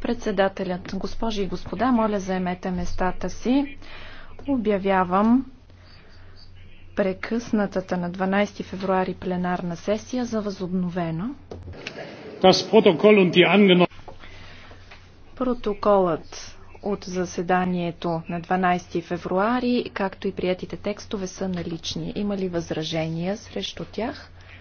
Председателят, госпожи и господа, моля заемете местата си. Обявявам прекъснатата на 12 февруари пленарна сесия за възобновена. Протоколът от заседанието на 12 февруари, както и приятите текстове са налични. Има ли възражения срещу тях?